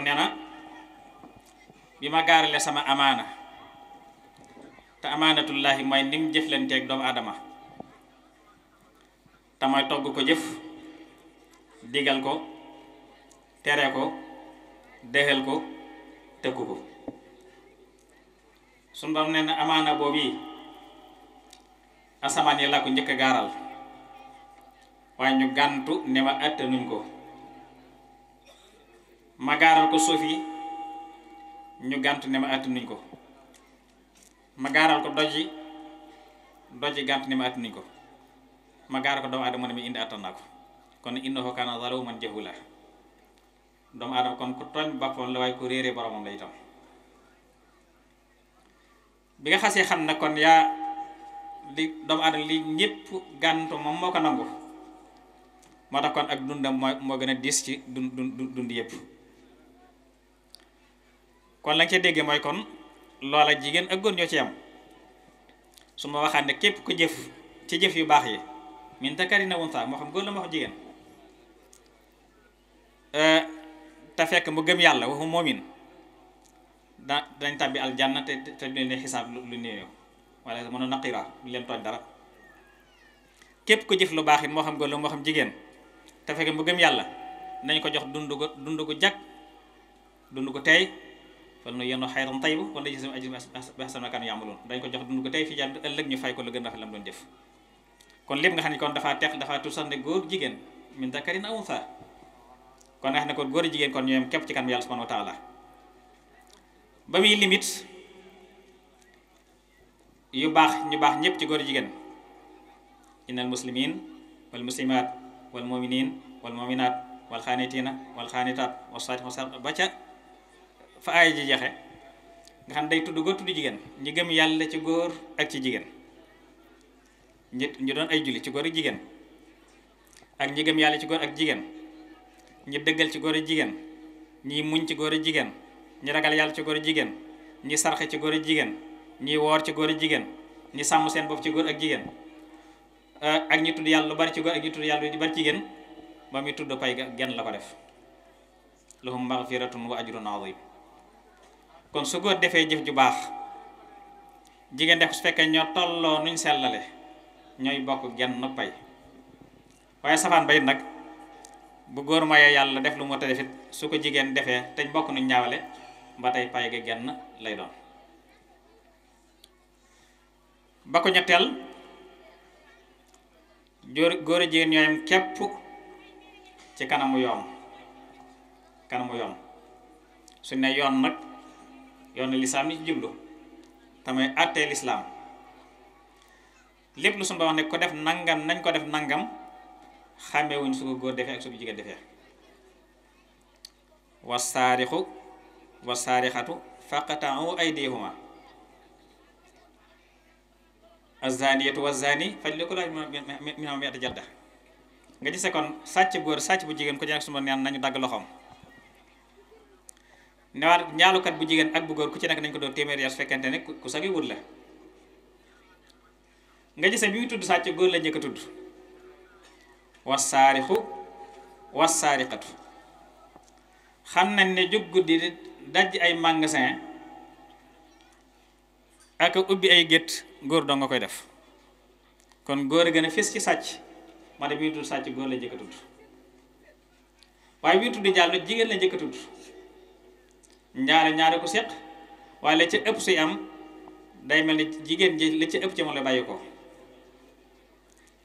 borom bi ma gaarale sama amaana te amaanatullaahi mooy ni mu jëflanteeg doomu adama te mooy togg ko jëf digal ko tere ko dexal ko tëggu ko suñu borom nee na amaana boobu yi asamaan yi laa ko njëkk a gaaral waaye ñu gàntu ne ma attanuñ ko ma gaaral ko suuf yi ñu gànt ne ma attanuñ ko ma gaaral ko doj yi doj yi gànt ne ma attanuñ ko ma gaaral ko doomu aadama ne ma indi attan ko kon innahu kaana zaluuman jahuula doomu aadama kon ku tooñ boppam la waaye ku réeree boromam la itam bi nga xasee xam ne kon yaa li doomu aadama li ñëpp gàntu moom moo nangu moo tax kon ak dundam moo moo gën a diis ci dund dund dund yëpp kon la nga ca déggee mooy kon loola jigéen ak góor ñoo ci am su ma waxaat ne képp ku jëf ci jëf yu baax yi min takarina unsa moo xam góor la moo xam jigéen eh, te fekk mu gëm yàlla waxu moomin da dañ tàbbi aljanna te te du leen xisaab lu néew wala mën a dara képp ku jëf lu baax it moo xam góor la moo xam jigéen te fekk mu gëm yàlla nañ ko jox dund ko dund ko jag dund ko tey fal nu yéen a xayran tayyiba wala yajzihim ajrahum bi ahsani ma kaanu ko jox dund ko fi jàdd ëllëg ñu fay ko lu gën rafet la mu doon jëf kon lépp nga xam ne kon dafaa teq dafaa tuusande góor jigéen min dakarin aw unsa kon nga xam ne góor jigéen kon ñoom képp ci kanam yàlla subhanahu wa taala ba muy limite yu baax ñu baax ñëpp ci góor jigéen innal muslimin wal muslimat wal muminin wal muminat wal xaanitina wal xaanitaat wa saadiqin wa saadiqaat ba ca fa aay ji jaxe nga xam day tudd góor tudd jigéen ñi gëm yàlla ci góor ak ci jigéen ñi ñu doon ay julli ci góor ak jigéen ak ñi yàlla ci góor ak jigéen ñi dëggal ci góor ak jigéen ñi muñ ci góor ak jigéen ñi ragal yàlla ci góor ak jigéen ñi sarxe ci góor ak jigéen ñi woor ci góor ak jigéen ñi sàmm seen bopp ci góor ak jigéen ak ñi tudd yàlla lu bari ci góor ak ñi tudd yàlla lu bari ci jigéen ba muy tudd pay genn la ko def lahum maghfiratun wa ajrun azim kon su ko defee jëf ju baax jigéen def su fekkee ñoo tolloo nuñ sellale ñooy bokk genn pay waaye safaan bayit nag bu góor mayee yàlla def lu mu te defit su ko jigéen defee teñ bokk nuñ ñaawale ba tey pay ga genn lay doon ba ko ñetteel jóor góor a jigéen ñooyam képp ci kanamu yoon kanamu yoon su ne yoon nag yoonu lislaam yi ci jublu tamay àttee lislaam lépp lu suñu wax ne ko def nangam nañ ko def nangam xàmmewuñ su ko góor defee ak su ko jigéen defee wasaarixu wasaarixatu faqta'u aydihuma azaniyatu wazani fajlidu kulli waahidin minhumaa mi'ata jalda nga gisee kon sàcc góor sàcc bu jigéen ko jël ak suma neen nañu dagg loxoom newaan njaalukat bu jigéen ak bu góor ku ci nekk nañ ko doon téeméeri yar su fekkente ne ku sagi wut la nga gise bi mu tudd sàcc góor la njëkk a tudd wasaarixu xam nañ ne jóg guddi daj ay magasin ak ubbi ay gétt góor doo nga koy def kon góor a gën a fis ci sàcc moo bi mu tudd sàcc góor la njëkk tudd waaye bi tudd njaaloo jigéen la njëkk a tudd njaale ñaari ko séq waaye la ëpp suy am day mel ni jigéen ji la ca ëpp ci moom lay bàyyi ko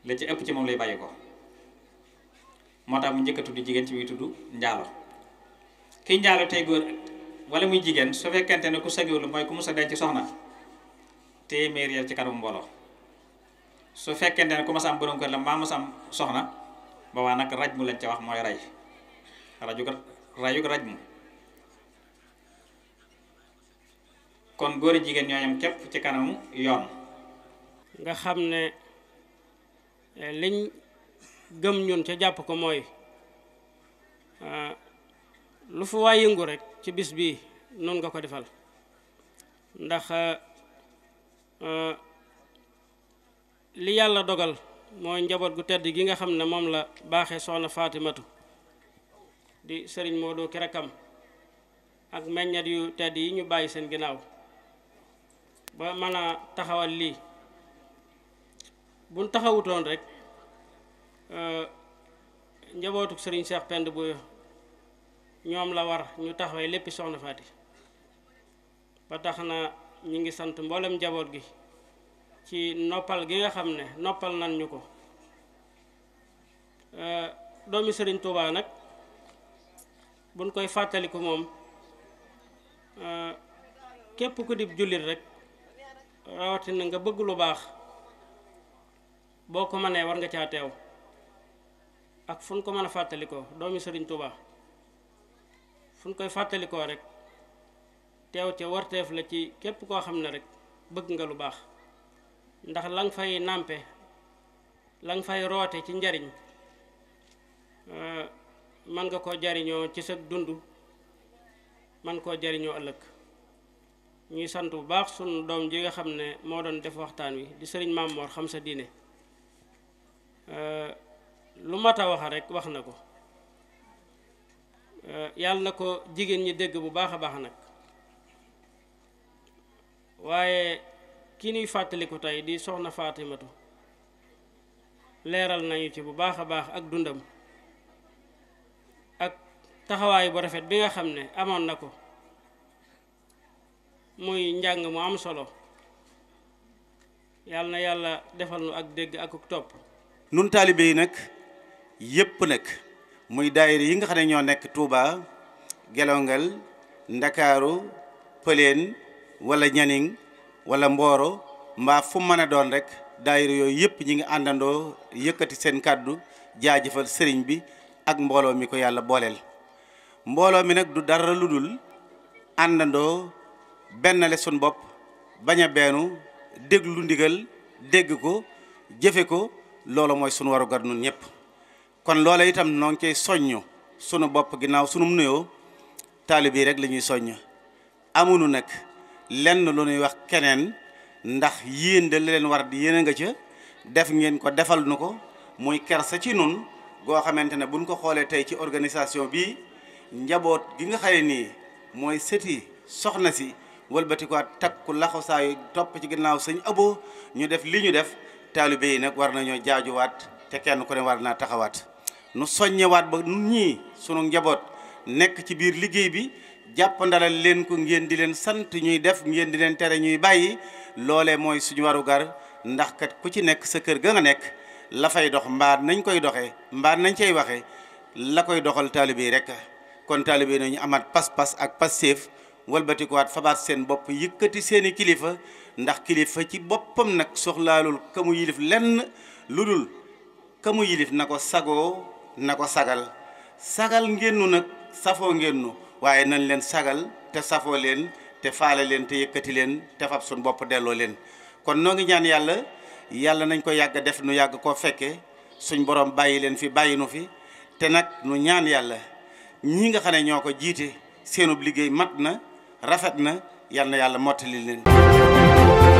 la ca ëpp ci moom lay bàyyi ko moo tax mu njëkk tudd jigéen ci muy tudd njaalo ki njaalo tey góor wala muy jigéen su fekkente ne ku sagiwul mooy ku mu sa denc soxna téeméer yar ci kanam mbooloo su fekkente ne ku ma sa am borom kër la maa ma am soxna boobaa nag raj mu lañ ca wax mooy ray raju raju raj mu kon góor jigéen ñoo yam képp ci kanamu yoon nga xam ne eh, liñ gëm ñun ca jàpp ko mooy eh, lu fu waay yëngu rek ci bis bi noonu nga ko defal ndax eh, li yàlla dogal mooy njaboot gu tedd gi nga xam ne moom la baaxee soxna Faatimatu di sëriñ Moodu ki rakkam ak meññat yu tedd yi ñu bàyyi seen ginnaaw ba mën a taxawal lii buñ taxawutoon rek euh, njabootuk sëriñ Seex Pend bu ñoom la war ñu taxawee léppi soxna Faati ba tax na ñu ngi sant mboolem njaboot gi ci noppal gi nga xam ne noppal nan ñu ko euh, doomi sëriñ Tuubaa nag buñ koy fàttaliku moom euh, képp ku di jullit rek rawatina nga bëgg lu baax boo ko mënee war nga caa teew ak fu ko mën a fàttalikoo doomi sëriñ tubaa fu ñu koy fàttalikoo rek teew ca warteef la ci képp koo xam ne rek bëgg nga lu baax ndax la fay nàmpe la fay roote ci njariñ euh, mën nga koo jariñoo ci sa dund man koo jariñoo ëllëg ñuy sant bu baax sunu doom ji nga xam ne moo doon def waxtaan wi di sëriñ Maam xam sa diine lu mat a wax rekk wax na ko yàlla na ko jigéen ñi dégg bu baax a baax nag waaye ki ñuy fàttaliku tey di soxna Faatimatu leeral nañu ci bu baax a baax ak dundam ak taxawaay bu rafet bi nga xam ne amoon na ko muy njàng mu am solo yàlla na yàlla defal nu ak dégg ak topp nun taalibe yi nag yépp nag muy daayira yi nga xam ne ñoo nekk Touba Gelongal Ndakaaru Pëleen wala Ñaning wala Mbooro mbaa fu mën a doon rekk daayira yooyu yëpp ñi ngi àndandoo yëkkati seen kàddu jaajëfal sëriñ bi ak mbooloo mi ko yàlla booleel mbooloo mi nag du dara lu dul àndandoo benn le suñ bopp bañ a beenu déglu ndigal dégg ko jëfe ko loolu mooy sunu waru gar nun ñëpp kon loola itam noo ngi cey soññ sunu bopp ginnaaw suñum nuyoo taalibe yi rek lañuy soññ amulu nag lenn lu ñuy wax keneen ndax yéen da leen war di yéen nga ca def ngeen ko defal nu ko muy sa ci nun goo xamante ne buñ ko xoolee tey ci organisation bi njaboot gi nga xaye nii mooy sëti soxna si wëlbatikuwaat takku laxasaayu topp ci ginnaaw sëñ abo ñu def li ñu def taalibe yi nag war nañoo jaajuwaat te kenn ku ne war naa taxawaat nu soññewaat ba nun ñii sunu njaboot nekk ci biir liggéey bi jàpp ndalal leen ko ngeen di leen sant ñuy def ngeen di leen tere ñuy bàyyi loole mooy suñu warugar ndax kat ku ci nekk sa kër ga nga nekk la fay dox mbaa nañ koy doxee mbaa nañ cay waxee la koy doxal taalibe yi rek kon taalibe yi nañu amaat pas-pas ak pas-séef walbatikuwaat fabaat seen bopp yëkkati seeni kilifa ndax kilifa ci boppam nag soxlaalul ka yilif lenn lu dul kamu mu yilif na ko sagoo na ko sagal sagal ngénnu nag safoo ngénnu waaye nañ leen sagal te safoo leen te faale leen te yëkkati leen te fab suñ bopp delloo leen kon noo ngi ñaan yàlla yàlla nañ ko yàgg def nu yàgg koo fekke suñ borom bàyyi leen fi bàyyi nu fi te nag nu ñaan yàlla ñi nga xam ne ñoo ko jiite seenub liggéey mat na rafet na yal na yàlla mottali leen